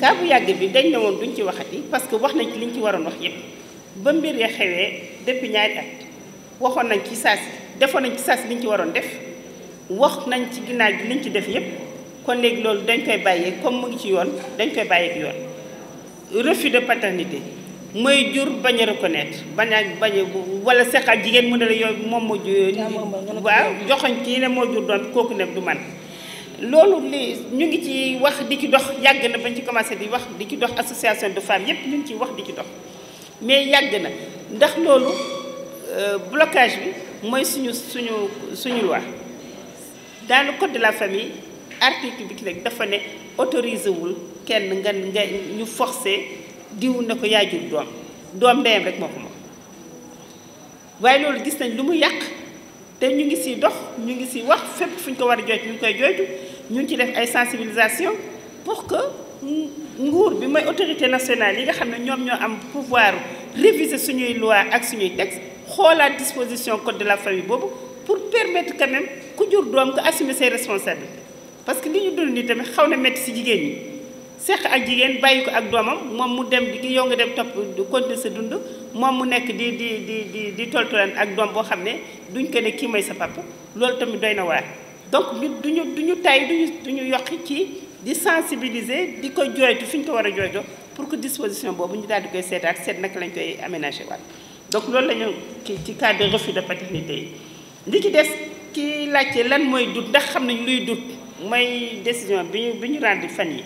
kaa bu yàgg bi dañ ne woon duñ ci waxati parce que wax nañ ci liñ ci waroon wax yépp ba mbir ya xewee depuis ñaari at waxoon nañ ci saas defoon nañ ci saas liñ ci waroon def wax nañ ci ginnaaw gi liñ ci def yépp kon léegi loolu dañ koy bàyyee comme mu ngi ci yoon dañ koy bàyyeek loolu refus de paternité mooy jur bañ a reconnaître bañ a bañ a wala seq ak jigéen mu ne la yooyu moom moo ju waaw joxoñ kii ne moo jur doon kooku ne du man loolu li ñu ngi ci wax di ki dox yàgg na bañ ci commencé di wax di ki dox association de femmes yépp ñu ngi ciy wax di ci dox mais yàgg na ndax loolu euh, blocage bi mooy suñu suñu suñu loi dans le code de la famille article bi ki rek dafa ne autorisé wul kenn nga nga ñu force diw na ko yaay jur doom doom ndeyam rek moo ko moom waaye loolu gis nañ lu mu yàq te ñu ngi siy dox ñu ngi si wax fépp fu ñu ko war a jooj ñu ngi koy jooytu ñu ngi ci def ay sensibilisation pour que nguur bi mooy autorité nationale yi nga xam ne ñoom ñoo am pouvoir réviser suñuy loi ak suñuy texte xoolaat disposition code de la famille boobu pour permettre quand même ku jur doom nga assumer ses responsabilités parce que li ñu dund nii tamit xaw na métti si jigéen ñi. seq ak jigéen bàyyi ko ak doomam moom mu dem di yow nga dem topp continuer sa dund moom mu nekk di di di di di toltolan ak doom boo xam ne duñ ko ne kii mooy sa papa loolu tamit doy na waar donc ñu duñu duñu tay duñu duñu yokki ci di sensibiliser di ko jooytu fi ñu ko war a jooytu pour que disposition boobu ñu daal di koy seetaat seet naka lañ koy aménager waat donc loolu la ñu ci ci cas de refus de paternité yi li ci des ki laajte lan mooy dut ndax xam nañ luy dut mooy décision bi ñu bi ñu rendre fan yi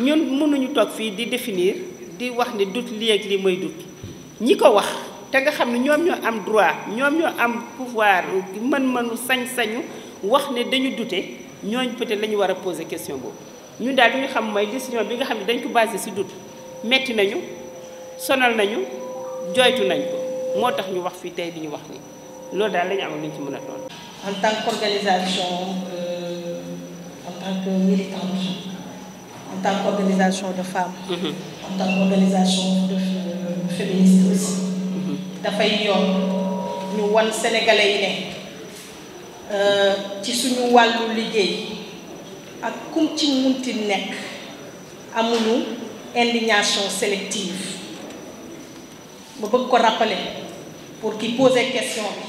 ñun mënuñu toog fii di définir di wax ne dut lii ak lii mooy dut ñi ko wax te nga xam ne ñoom ñoo am droit ñoom ñoo am pouvoir mën-mënu sañ-sañu wax ne dañu dute ñooñ peut-être la ñu war a poser question boobu ñun daal li ñu xam mooy décision bi nga xam ne dañ ko basé si dut metti nañu sonal nañu joytu nañ ko moo tax ñu wax fii tey bi ñu wax ni loolu daal la ñu amoon lu ñu ci mën a ton en tant qu'organisation euh, en tant que militante en tant qu'organisation de femmes. Mm-hmm. en tant qu'organisation de euh, féministe aussi. Mm-hmm. dafay yoon ñu wan sénégalais yi ne euh, ci suñu wàllu liggéey ak kum ci munti nekk amuñu indignation sélective ma bëgg ko rappeler pour ki poser question bi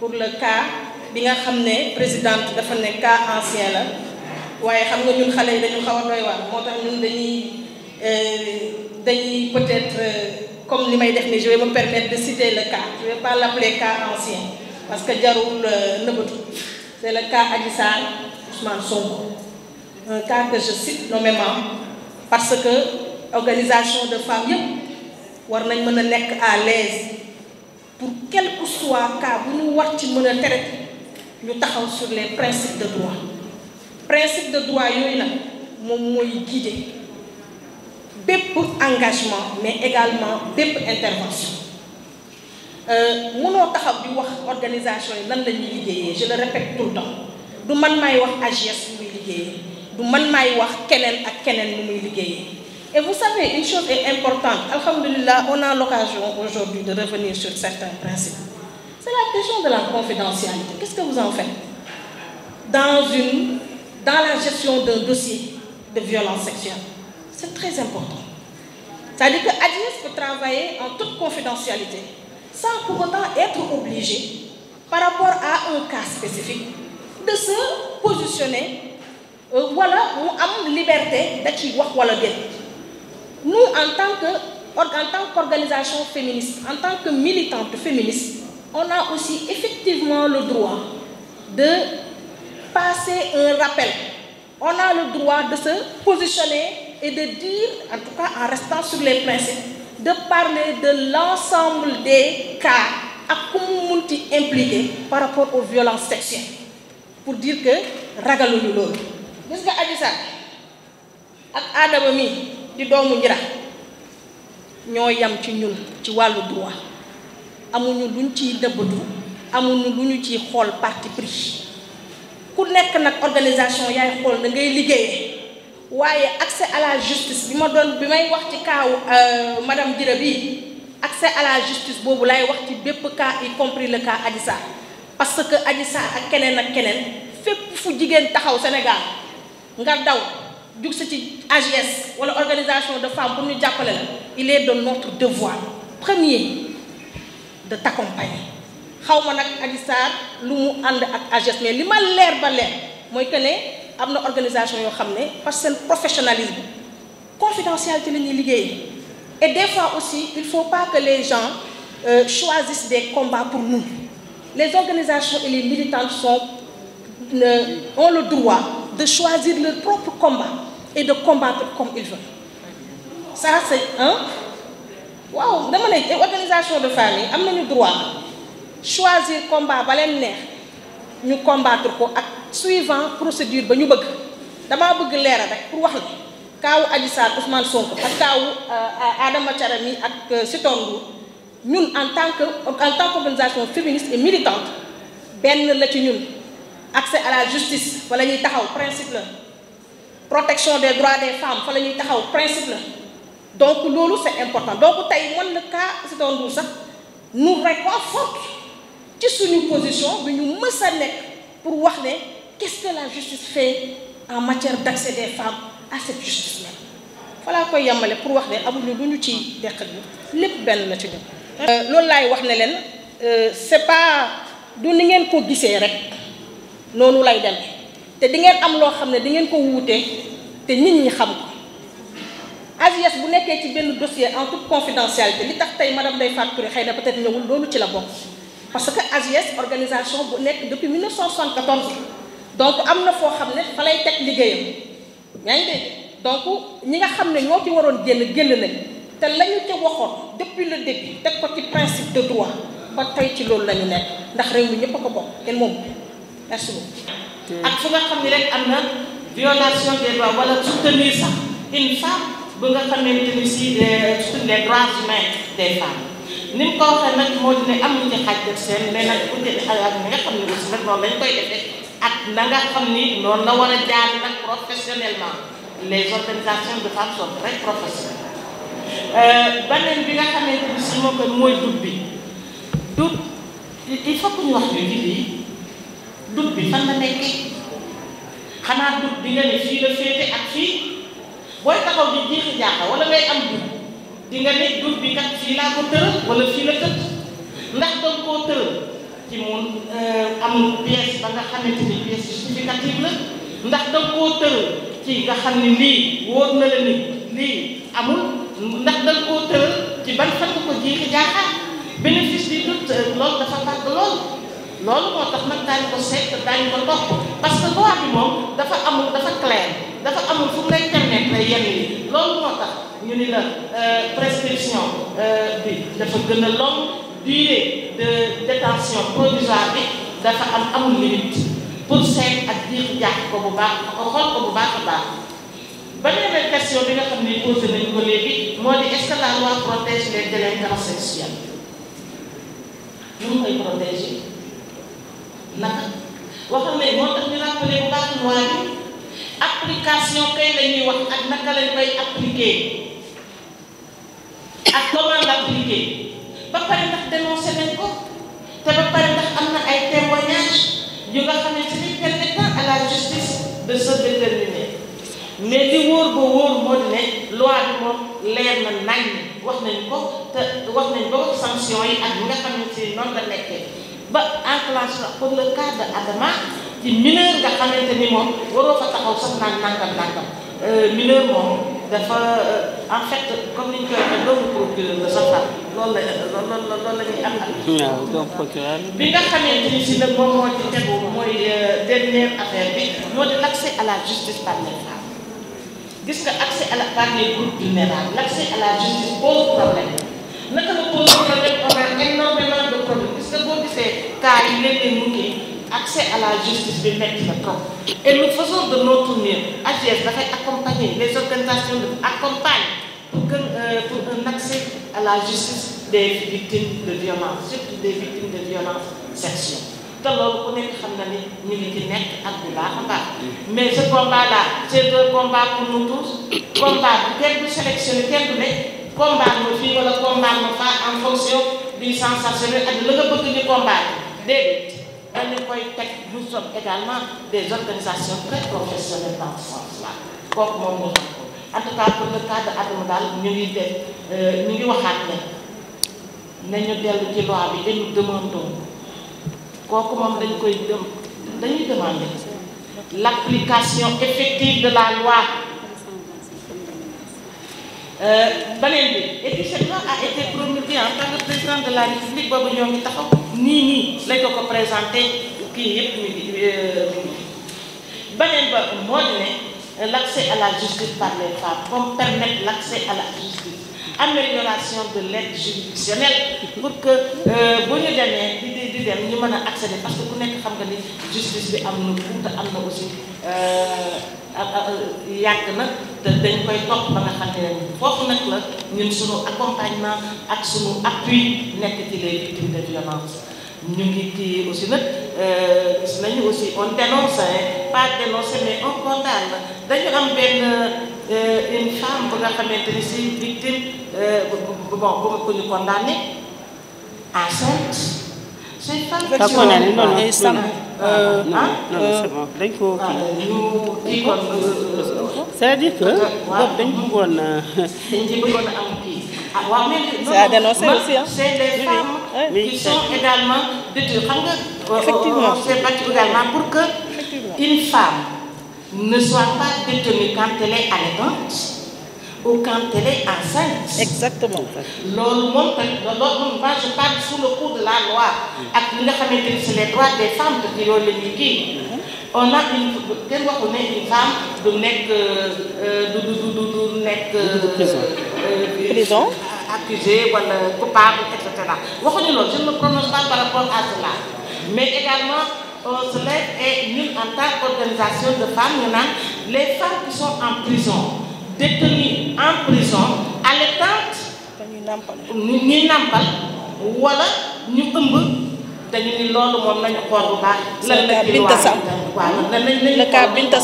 pour le cas bi nga xam ne présidente dafa ne cas ancien la. waaye xam nga ñun xale yi dañu xaw a doy waar moo tax ñun dañuy euh, dañuy peut-être euh, comme li may def ni je vais me permettre de citer le cas je vais pas l'appeler cas ancien parce que jarul euh, nëbbatu c'est le cas Adji Sarr Ousmane Sonko un cas que je cite nommément parce que organisation de fem yëpp war nañ mën a nekk à l'aise pour quel que soit cas bu ñu war ci mën a traiter ñu taxaw sur les principes de droit principe de droit yooyu nag moom mooy guider bépp engagement mais également bépp intervention euh, mënoo taxaw di wax organisation yi lan la ñuy liggéeyee je le répète tout le du man may wax AGS nu muy liggéeyee du man maay wax keneen ak keneen mu muy liggéeyee Et vous savez, une chose est importante. Alhamdulillah, on a l'occasion aujourd'hui de revenir sur certains principes. C'est la question de la confidentialité. Qu'est-ce que vous en faites Dans une dans la gestion d'un dossier de violence sexuelle. C'est très important. C'est-à-dire que Adiès peut travailler en toute confidentialité, sans pour autant être obligé, par rapport à un cas spécifique, de se positionner, euh, voilà, on a une liberté d'être Nous, en tant que en tant qu'organisation féministe, en tant que militante féministe, on a aussi effectivement le droit de passer un rappel. On a le droit de se positionner et de dire, en tout cas en restant sur les principes, de parler de l'ensemble des cas ak ku mu munti impliqué par rapport au violences sexuelles pour dire que ragaluñu loolu gis nga Adji Sarr ak Adama mi di doomu njira ñoo yam ci ñun ci wàllu droit amuñu luñ ciy dëbbatu amuñu lu ñu ciy xool parti pris ku nekk nag organisation yaay xool na ngay liggéeyee waaye accès à la justice bi ma doon bi may wax ci kaaw euh, madame Dira bi accès à la justice boobu laay wax ci bépp cas y compris le cas Adji Sarr parce que Adji Sarr ak keneen ak keneen fépp fu jigéen taxaw Sénégal nga daw jug sa ci AJS wala organisation de femmes pour ñu jàppale la il est de notre devoir premier de t'accompagner xaw ma nag Adji Sarr lu mu ànd ak AGS li ma leer ba leer mooy que ne am na organisation yoo xam ne parce que seen professionnalisme confidentialité la ñuy liggéey et des fois aussi il faut pas que les gens euh, choisissent des combats pour nous les organisations et les militantes sont euh, ont le droit de choisir leur propre combat et de combattre comme ils veulent ça c'est un waaw dama organisation de famille am nañu droit choisir combat ba leen neex ñu combattre ko ak suivant procédure ba ñu bëgg damaa bëgg leeral rek pour wax la kaawu Adji Sarr Ousmane Sonko ak kaawu euh, Adama Thiarami ak euh, Sitor Ndour ñun en tant que en tant qu'organisation féministe et militante benn la ci ñun accès à la justice fa la ñuy taxaw principe la protection des droits des femmes fa la ñuy taxaw principe la donc loolu c'est important donc tey mën na cas Sitor Ndour sax nous réconforte ci suñu position bi ñu mës a nekk pour wax ne qu'est-ce que la justice fait en matière d'accès des femmes à cette justice même falaa koy yemale pour wax ne amuñu lu ñu ci deqal bi lépp benn na ci ñun. Euh, loolu laay wax ne leen euh, c'est pas du ni ngeen ko gisee rek noonu lay dem te di ngeen am loo xam ne di ngeen ko wuutee te nit ñi xam ko AJS bu nekkee ci benn dossier en toute confidentialité li tax tey madame Ndeye Fatou Touré xëy na peut-être ñëwul loolu ci la bokk. parce que AJS organisation bu nekk depuis 1974 donc am na foo xam ne fa lay teg liggéeyam yaa ngi dégg donc ñi nga xam ne ñoo ci waroon génn génn nañ te lañu ñu ca waxoon depuis le début teg ko ci principe de droit ba tey ci loolu la ñu nekk ndax réew mi ñëpp ko bokk kenn moom que beaucoup. ak fu nga xam ne rek am na violation des droits wala soutenir sax une femme bu nga xamante ni si des euh, les droits humains des femmes. ni mu ko waxee nag moo di ne amuñ ci nga xam ne aussi nag noonu lañ koy defee ak na nga xam ni noonu na war a jaar nag professionnellement les organisations de femmes sont très professionnelles. Euh, beneen bi nga xamante ni si moo koy mooy dut bi dut il faut que ñu wax ñu lii dut bi fan la nekk xanaa dut bi nga ne fii la féete ak fii booy taxaw di jiixi jaaxa wala ngay am dut. di nga ne dut bi kat fii laa ko tëral wala ndax doon koo tëral ci mun euh, am pièce ba nga xamante ni pièce justificative la ndax doon koo ci nga xam ne lii woo na la ni lii amul ndax doon koo tëral ci ban fànn ko jiixi jaaxaar bénéfice bi dut euh, loolu dafa tàgg lool loolu moo tax nag daañu ko seet daañu ko topp parce que loi bi moom dafa amul dafa clair dafa amul fu mu lay permettre yenn yi loolu moo tax ñu ni la euh, prescription euh, bi dafa gën a longue durée de détention provisoire bi dafa am amul limite pour seet ak diir jàpp ko bu baax xool ko bu baax a baax. beneen bi question bi nga xam ne posé nañu ko léegi moo di est-ce que la loi protège les délinquants sexuels ñu ngi koy protéger naka waxal ne moo tax ñu rappelé bu baax loi application kay la ñuy wax ak naka lañ koy appliquer ak comment l'appliquer ba pare ndax dénoncé nañ ko te ba pare ndax am na ay témoignages yu nga xam ne ci permettant à la justice de se déterminer mais li wóor ba wóor moo ne loi bi leer na nañ wax nañ ko te wax nañ ko sanction yi ak nga xam ne ci noonu la nekkee ba enclenchement pour le cas de Adama ci mineur nga xamante ni moom waroo fa taxaw sax naan nangam nangam euh, mineur moom dafa euh, en fait comme ni ñu koy waxee doomu procureur la sax daal loolu la loolu la loolu la ñuy am. waaw doomu procureur bi nga xamante ni si nag moom moo ci tegu mooy euh, dernière affaire bi moo di l' accès à la justice par les femmes gis nga accès à la par les groupes vulnérables l' accès à la justice pose problème naka la pose problème on a énormément de problèmes gis nga boo gisee cas yi léeg-léeg mu ngi. accès à la justice bi métti na trop et nous faisons de notre mieux AJS dafay accompagner les organisations de accompagnent pour que euh, pour un la justice des victimes de violence surtout des victimes de violence sexuelle te loolu nekk xam na ni nekk ak bu baax a baax mais ce combat là c'est un combat pour nous tous combat bu kenn du sélectionné kenn du ne combat wala combat ma faa en fonction du sensationnel ak la nga bëgg ñu combattre déedéet dañu koy teg nous sommes également des organisations très professionnelles dans ce sens-là kooku moom moo tax ko en tout pour le cas de Adama daal ñu ngi def euh, ñu ngi waxaat ne nañu dellu ci loi bi dañu demandons kooku moom dañu koy dem dañuy demander l'application effective de la loi Euh, baneen bi étichètement a été promulgué en tant que président de la république boobu ñoo ngi taxaw nii nii lañ ko ko présenté kii yëpp mi ngi euh, baneen ba moo ne euh, l' accès à la justice par les femmes comme permettre l' accès la justice amélioration de l'aide pour que bu ñu demee di dem ñu mën a accéder parce que ku nekk xam nga ni justice bi am na buuta am na aussi yàgg na te dañ koy topp ba nga xam ne foofu nag la ñun suñu accompagnement ak suñu appui nekk ci les victimes de violence ñu ngi kii aussi nag euh, gis nañu aussi on dénonce pas dénoncer mais on condamne dañ am benn euh, une femme bu nga xamante ni si victime euh, bon bu ko ñu condamné enceinte. c'est femme. non euh, ah, euh, dañ koo kii. c'est-à-dire dañ bëggoon a. dañ ci bëggoon a am kii. a dénoncé aussi hein. Euh, effectivement pour que. une femme ne soit pas détenue quand elle est allaitante. ou quand elle est enceinte. exactement. loolu moom tamit loolu je parle sous le coup de la loi. ak li nga xamante les droits des femmes te ci yooyu la ñuy kii. on a une kenn waxu ne une femme du nekk euh, du du du du nekk. Euh, prison euh, accusée wala coupable et cetera waxuñu loolu je ne prononce pas par rapport à cela mais également on se lève et ñun en de femmes ñu naan les femmes qui sont en prison nit ñuy nàmpal wala ñu ëmb dañu ni loolu moom nañu xool bu baax. lan la ci Binta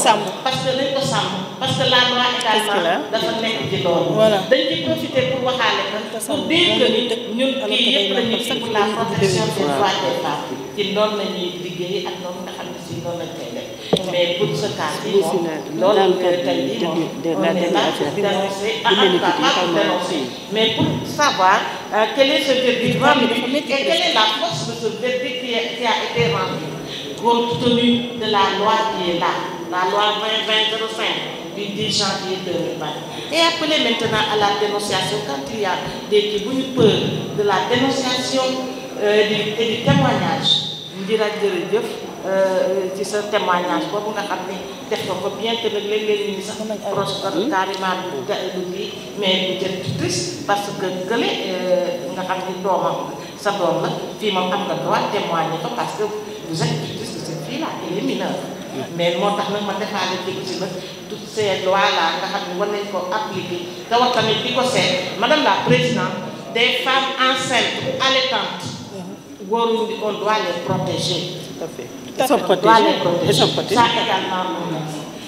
Samb waaw parce que lañ ko sàmm parce que la loi également dafa nekk ci loolu. voilà dañ ci profité pour waxaale ko. pour dégg ni ñun kii yëpp la ñuy déglu la protection des droits des femmes ci loolu la liggéey ak loolu nga ne. si noonu lañ koy def mais pour ce cas ci moom loolu tey jii moom on est là pour dénoncer ah en tout cas pas pour dénoncer mais pour savoir euh, quel est ce verdict rendu et quelle est la force de ce verdict qui a été rendu compte tenu de la loi qui est là la loi 2020-05 du 10 janvier 2020 et appeler maintenant à la dénonciation quand il y a des kii bu ñu peur de la dénonciation euh, et du témoignage ñu dira jërëjëf Euh, ci sa témoignage boobu nga xam ne def nga ko bien que nag léeg-léeg ñu sax proche carrément du du kii mais du jël triste parce que kële euh, nga xam ni doomam sa doom la fii ma xam nga droit témoigner ko parce que vous êtes moo tax nag ma defaale dégg si nag nga xam ne war nañ ko appliquer te wax tamit di ko seet madame la présidente des femmes enceintes ou allaitantes mm-hmm. waruñu on doit les protéger Tout à fait. Ils sont protégés. Ils sont protégés. Ça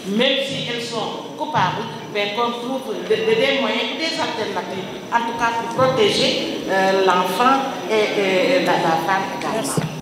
si elles sont coupables, mais qu'on trouve des, des moyens, des alternatives, en tout cas pour protéger euh, l'enfant la, la femme